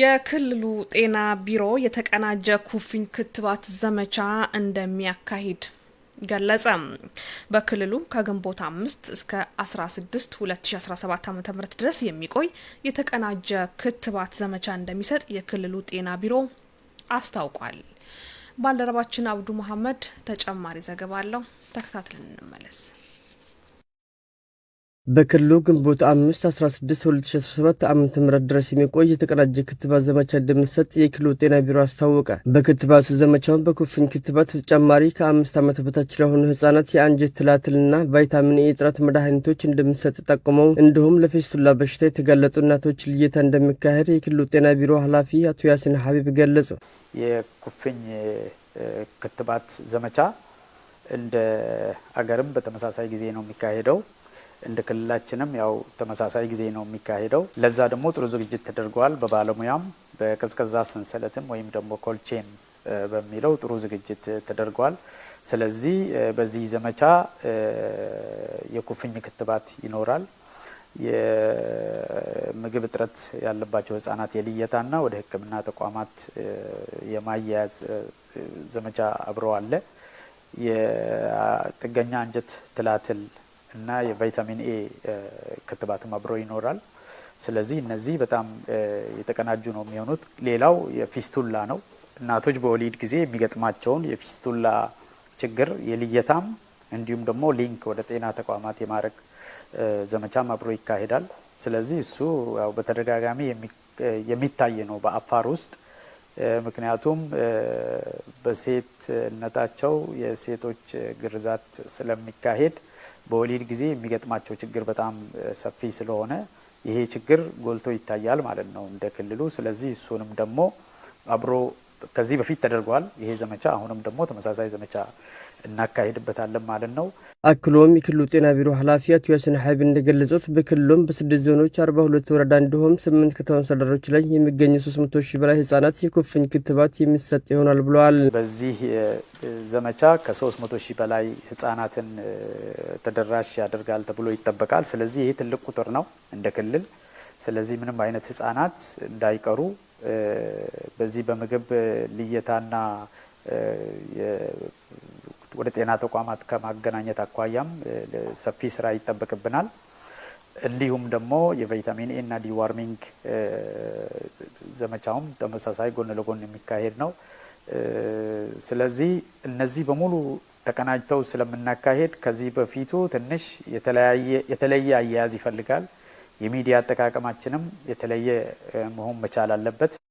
የክልሉ ጤና ቢሮ የተቀናጀ ኩፍኝ ክትባት ዘመቻ እንደሚያካሂድ ገለጸ። በክልሉ ከግንቦት አምስት እስከ 16 2017 ዓ ም ድረስ የሚቆይ የተቀናጀ ክትባት ዘመቻ እንደሚሰጥ የክልሉ ጤና ቢሮ አስታውቋል። ባልደረባችን አብዱ መሀመድ ተጨማሪ ዘገባ አለው። ተከታትለን እንመለስ። በክልሉ ግንቦት አምስት 16 2017 ዓ ም ድረስ የሚቆይ የተቀናጀ ክትባት ዘመቻ እንደሚሰጥ የክልሉ ጤና ቢሮ አስታወቀ። በክትባቱ ዘመቻውን በኩፍኝ ክትባት በተጨማሪ ከአምስት ዓመት በታች ለሆኑ ህጻናት የአንጀት ትላትልና ቫይታሚን ኤ እጥረት መድኃኒቶች እንደሚሰጥ ጠቁመው እንዲሁም ለፌስቱላ በሽታ የተጋለጡ እናቶች ልየታ እንደሚካሄድ የክልሉ ጤና ቢሮ ኃላፊ አቶ ያሲን ሀቢብ ገለጹ። የኩፍኝ ክትባት ዘመቻ እንደ አገርም በተመሳሳይ ጊዜ ነው የሚካሄደው እንደ ክልላችንም ያው ተመሳሳይ ጊዜ ነው የሚካሄደው። ለዛ ደግሞ ጥሩ ዝግጅት ተደርጓል። በባለሙያም በቀዝቀዛ ሰንሰለትም ወይም ደግሞ ኮልቼን በሚለው ጥሩ ዝግጅት ተደርጓል። ስለዚህ በዚህ ዘመቻ የኩፍኝ ክትባት ይኖራል። የምግብ እጥረት ያለባቸው ህጻናት የልየታና ወደ ሕክምና ተቋማት የማያያዝ ዘመቻ አብረው አለ። የጥገኛ አንጀት ትላትል እና የቫይታሚን ኤ ክትባትም አብሮ ይኖራል። ስለዚህ እነዚህ በጣም የተቀናጁ ነው የሚሆኑት። ሌላው የፊስቱላ ነው። እናቶች በወሊድ ጊዜ የሚገጥማቸውን የፊስቱላ ችግር የልየታም እንዲሁም ደግሞ ሊንክ ወደ ጤና ተቋማት የማድረግ ዘመቻም አብሮ ይካሄዳል። ስለዚህ እሱ ያው በተደጋጋሚ የሚታይ ነው በአፋር ውስጥ ምክንያቱም በሴትነታቸው የሴቶች ግርዛት ስለሚካሄድ በወሊድ ጊዜ የሚገጥማቸው ችግር በጣም ሰፊ ስለሆነ ይሄ ችግር ጎልቶ ይታያል ማለት ነው እንደ ክልሉ። ስለዚህ እሱንም ደግሞ አብሮ ከዚህ በፊት ተደርጓል ይሄ ዘመቻ። አሁንም ደግሞ ተመሳሳይ ዘመቻ እናካሄድበታለን ማለት ነው። አክሎም የክልሉ ጤና ቢሮ ኃላፊ አቶ ያስን ሀይብ እንደገለጹት በክልሉም በስድስት ዞኖች አርባ ሁለት ወረዳ እንዲሁም ስምንት ከተማ አስተዳደሮች ላይ የሚገኙ ሶስት መቶ ሺህ በላይ ህጻናት የኩፍኝ ክትባት የሚሰጥ ይሆናል ብለዋል። በዚህ ዘመቻ ከሶስት መቶ ሺህ በላይ ህጻናትን ተደራሽ ያደርጋል ተብሎ ይጠበቃል። ስለዚህ ይህ ትልቅ ቁጥር ነው እንደ ክልል። ስለዚህ ምንም አይነት ህጻናት እንዳይቀሩ በዚህ በምግብ ልየታና ወደ ጤና ተቋማት ከማገናኘት አኳያም ሰፊ ስራ ይጠበቅብናል። እንዲሁም ደግሞ የቫይታሚን ኤ እና ዲዋርሚንግ ዘመቻውም ተመሳሳይ ጎን ለጎን የሚካሄድ ነው። ስለዚህ እነዚህ በሙሉ ተቀናጅተው ስለምናካሄድ ከዚህ በፊቱ ትንሽ የተለየ አያያዝ ይፈልጋል። የሚዲያ አጠቃቀማችንም የተለየ መሆን መቻል አለበት።